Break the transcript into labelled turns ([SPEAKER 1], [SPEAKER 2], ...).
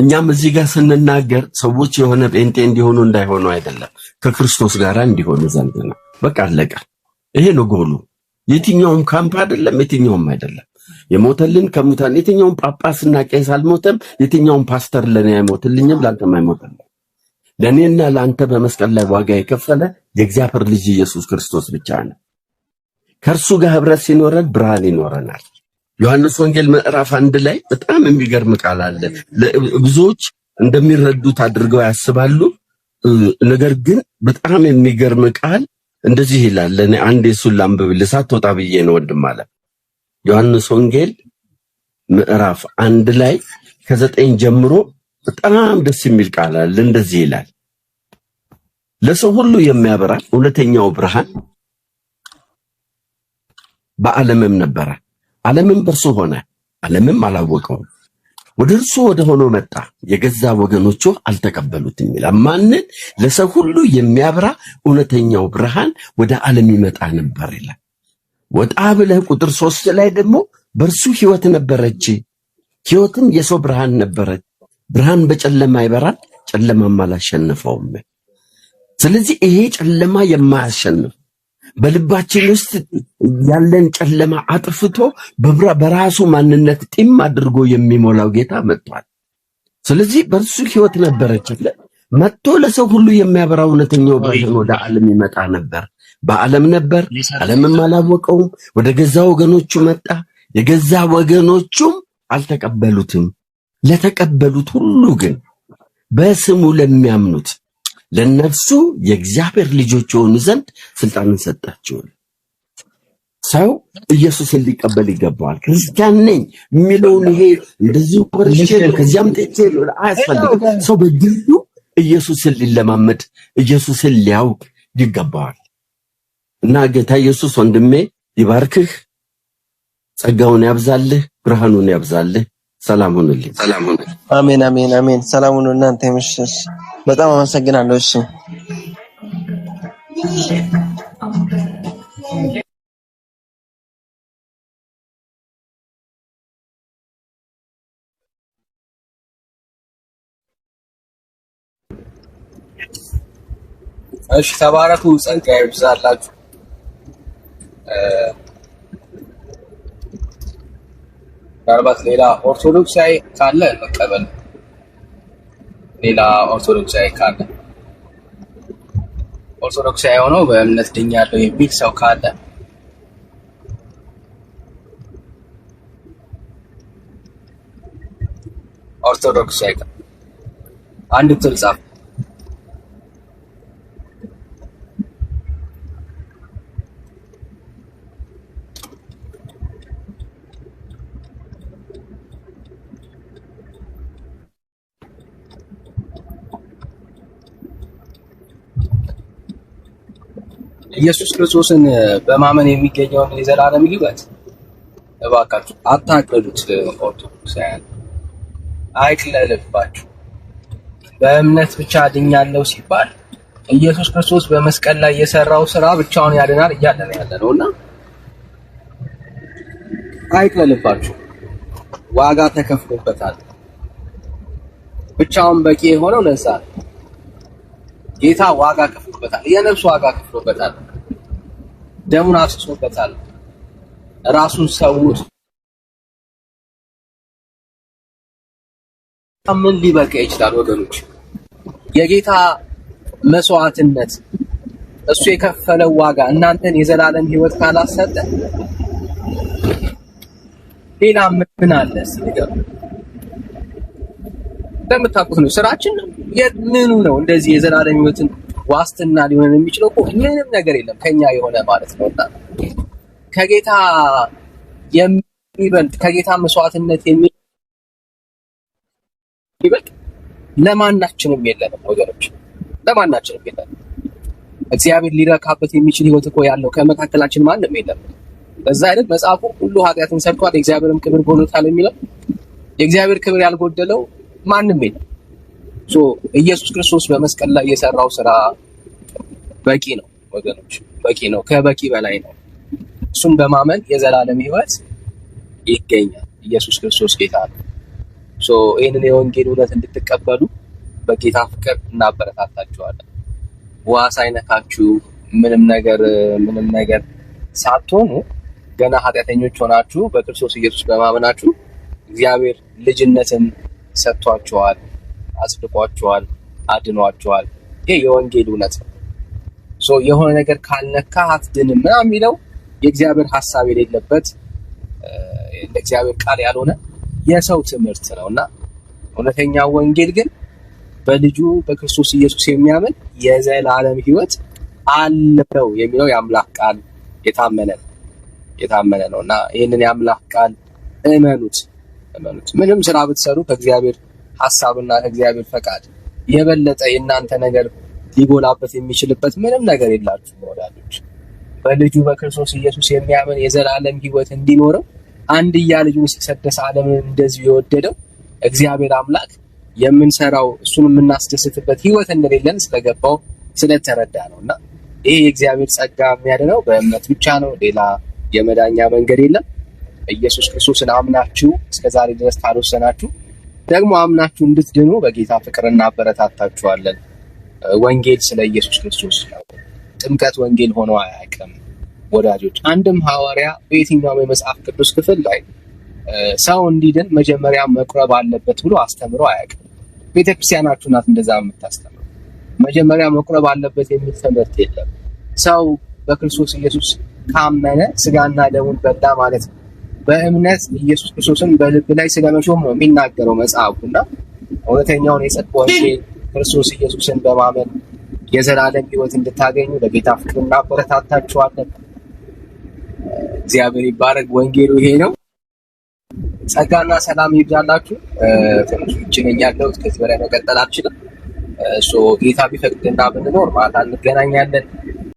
[SPEAKER 1] እኛም እዚህ ጋር ስንናገር ሰዎች የሆነ ጴንጤ እንዲሆኑ እንዳይሆኑ አይደለም፣ ከክርስቶስ ጋር እንዲሆኑ ዘንድ ነው። በቃ አለቀ። ይሄ ነው ጎሉ። የትኛውም ካምፕ አይደለም፣ የትኛውም አይደለም። የሞተልን ከሙታን የትኛውም ጳጳስና ቄስ አልሞተም። የትኛውም ፓስተር ለእኔ አይሞትልኝም፣ ለአንተም አይሞትልም። ለእኔና ለአንተ በመስቀል ላይ ዋጋ የከፈለ የእግዚአብሔር ልጅ ኢየሱስ ክርስቶስ ብቻ ነው። ከእርሱ ጋር ህብረት ሲኖረን ብርሃን ይኖረናል። ዮሐንስ ወንጌል ምዕራፍ አንድ ላይ በጣም የሚገርም ቃል አለ። ብዙዎች እንደሚረዱት አድርገው ያስባሉ። ነገር ግን በጣም የሚገርም ቃል እንደዚህ ይላል። እኔ አንድ የሱን ላንብብል ሳትወጣ ብዬ ነው ወንድም አለ። ዮሐንስ ወንጌል ምዕራፍ አንድ ላይ ከዘጠኝ ጀምሮ በጣም ደስ የሚል ቃል አለ። እንደዚህ ይላል ለሰው ሁሉ የሚያበራ እውነተኛው ብርሃን በዓለምም ነበረ። ዓለምም በርሱ ሆነ፣ ዓለምም አላወቀውም። ወደ እርሱ ወደ ሆኖ መጣ፣ የገዛ ወገኖቹ አልተቀበሉትም ይላል። ማንን? ለሰው ሁሉ የሚያብራ እውነተኛው ብርሃን ወደ ዓለም ይመጣ ነበር ይላል። ወጣ ብለህ ቁጥር ሶስት ላይ ደግሞ በእርሱ ህይወት ነበረች፣ ህይወትም የሰው ብርሃን ነበረች። ብርሃን በጨለማ ይበራል፣ ጨለማም አላሸነፈውም። ስለዚህ ይሄ ጨለማ የማያሸንፍ በልባችን ውስጥ ያለን ጨለማ አጥፍቶ በራሱ ማንነት ጢም አድርጎ የሚሞላው ጌታ መጥቷል። ስለዚህ በእርሱ ህይወት ነበረችለን መጥቶ ለሰው ሁሉ የሚያበራ እውነተኛው ብርሃን ወደ ዓለም ይመጣ ነበር። በዓለም ነበር፣ ዓለምም አላወቀውም። ወደ ገዛ ወገኖቹ መጣ፣ የገዛ ወገኖቹም አልተቀበሉትም። ለተቀበሉት ሁሉ ግን በስሙ ለሚያምኑት ለነሱ የእግዚአብሔር ልጆች የሆኑ ዘንድ ስልጣንን ሰጣቸዋል። ሰው ኢየሱስን ሊቀበል ይገባዋል። ክርስቲያን ነኝ የሚለውን ይሄ እንደዚህ ወርሽ ከዚያም ጠጭ አያስፈልግም። ሰው በግሉ ኢየሱስን ሊለማመድ ኢየሱስን ሊያውቅ ይገባዋል። እና ጌታ ኢየሱስ ወንድሜ ይባርክህ፣ ጸጋውን ያብዛልህ፣ ብርሃኑን ያብዛልህ። ሰላም ሁንልኝ።
[SPEAKER 2] አሜን፣ አሜን፣ አሜን። ሰላሙን እናንተ ይመሽሽ። በጣም አመሰግናለሁ። እሺ
[SPEAKER 3] እሺ፣ ተባረኩ፣ ጸጋ ይብዛላችሁ። ምናልባት ሌላ ኦርቶዶክሳዊ ካለ መቀበል ሌላ ኦርቶዶክሳዊ ካለ ኦርቶዶክሳዊ የሆነው በእምነት ድኛለሁ የሚል ሰው ካለ ኦርቶዶክሳዊ አንድ ትልጻፍ ኢየሱስ ክርስቶስን በማመን የሚገኘውን የዘላለም ሕይወት እባካችሁ አታቅልሉት። ኦርቶዶክሳውያን አይቅለልባችሁ። በእምነት ብቻ አድኛለሁ ሲባል ኢየሱስ ክርስቶስ በመስቀል ላይ የሰራው ስራ ብቻውን ያድናል እያለ ነው ያለ ነውና አይቅለልባችሁ። ዋጋ ተከፍሎበታል። ብቻውን በቂ የሆነው ለዛ ነው። ጌታ ዋጋ ከፍሎበታል። የነፍስ ዋጋ ከፍሎበታል። ደሙን አፍስሶበታል። ራሱን ሰውት ምን ሊበቃ ይችላል? ወገኖች የጌታ መስዋዕትነት እሱ የከፈለው ዋጋ እናንተን የዘላለም ሕይወት ካላሰጠ ሌላ ምን አለ? እንደምታውቁት ነው ስራችን የምኑ ነው እንደዚህ የዘላለም ህይወትን ዋስትና ሊሆን የሚችለው እኮ ምንም ነገር የለም ከኛ የሆነ ማለት ነው። እና ከጌታ የሚበልጥ ከጌታ መስዋዕትነት የሚበልጥ ለማናችንም የለንም ወገኖች፣ ለማናችንም የለንም። እግዚአብሔር ሊረካበት የሚችል ህይወት እኮ ያለው ከመካከላችን ማንም የለም። በዛ አይነት መጽሐፉ ሁሉ ኃጢአትን ሰርቷል፣ የእግዚአብሔርም ክብር ጎድሎታል የሚለው የእግዚአብሔር ክብር ያልጎደለው ማንም የለም። ኢየሱስ ክርስቶስ በመስቀል ላይ የሰራው ስራ በቂ ነው ወገኖች፣ በቂ ነው፣ ከበቂ በላይ ነው። እሱን በማመን የዘላለም ህይወት ይገኛል። ኢየሱስ ክርስቶስ ጌታ ነው። ይህንን የወንጌል እውነት እንድትቀበሉ በጌታ ፍቅር እናበረታታችኋለን። ውሃ ሳይነካችሁ ምንም ነገር ምንም ነገር ሳትሆኑ ገና ኃጢአተኞች ሆናችሁ በክርስቶስ ኢየሱስ በማመናችሁ እግዚአብሔር ልጅነትን ሰጥቷቸዋል፣ አጽድቋቸዋል፣ አድኗቸዋል። ይህ የወንጌል እውነት ነው። የሆነ ነገር ካልነካ አትድን ምናምን የሚለው የእግዚአብሔር ሀሳብ የሌለበት እንደ እግዚአብሔር ቃል ያልሆነ የሰው ትምህርት ነው እና እውነተኛ ወንጌል ግን በልጁ በክርስቶስ ኢየሱስ የሚያምን የዘላለም ሕይወት አለው የሚለው የአምላክ ቃል የታመነ ነው የታመነ ነው እና ይህንን የአምላክ ቃል እመኑት። ሃይማኖት ምንም ስራ ብትሰሩ ከእግዚአብሔር ሀሳብና ከእግዚአብሔር ፈቃድ የበለጠ የእናንተ ነገር ሊጎላበት የሚችልበት ምንም ነገር የላችሁ ወዳጆች። በልጁ በክርስቶስ ኢየሱስ የሚያምን የዘላለም ሕይወት እንዲኖረው አንድያ ልጁን ሲሰደስ ዓለምን እንደዚሁ የወደደው እግዚአብሔር አምላክ የምንሰራው እሱን የምናስደስትበት ሕይወት እንደሌለን ስለገባው ስለተረዳ ነው እና ይሄ የእግዚአብሔር ጸጋ የሚያድነው በእምነት ብቻ ነው። ሌላ የመዳኛ መንገድ የለም። ኢየሱስ ክርስቶስን አምናችሁ ዛሬ ድረስ ታልወሰናችሁ ደግሞ አምናችሁ እንድትድኑ በጌታ ፍቅር እናበረታታችኋለን። ወንጌል ስለ ኢየሱስ ክርስቶስ ነው። ጥምቀት ወንጌል ሆኖ አያውቅም። ወዳጆች አንድም ሐዋርያ በየትኛውም የመጽሐፍ ቅዱስ ክፍል ላይ ሰው እንዲድን መጀመሪያ መቁረብ አለበት ብሎ አስተምሮ አያውቅም። ቤተክርስቲያናችሁ ናት እንደዛ የምታስተምረው። መጀመሪያ መቁረብ አለበት የሚል ትምህርት የለም። ሰው በክርስቶስ ኢየሱስ ካመነ ስጋና ደሙን በላ ማለት ነው። በእምነት ኢየሱስ ክርስቶስን በልብ ላይ ስለመሾም ነው የሚናገረው መጽሐፉ እና እውነተኛውን የጽድቅ ወንጌል ክርስቶስ ኢየሱስን በማመን የዘላለም ሕይወት እንድታገኙ ለጌታ ፍቅር እናበረታታችኋለን። እግዚአብሔር ይባረግ። ወንጌሉ ይሄ ነው። ጸጋና ሰላም ይብዛላችሁ። ትንሽ ውጭ ነኝ ያለሁት፣ ከዚህ በላይ መቀጠል አልችልም። ጌታ ቢፈቅድና ብንኖር ማታ እንገናኛለን።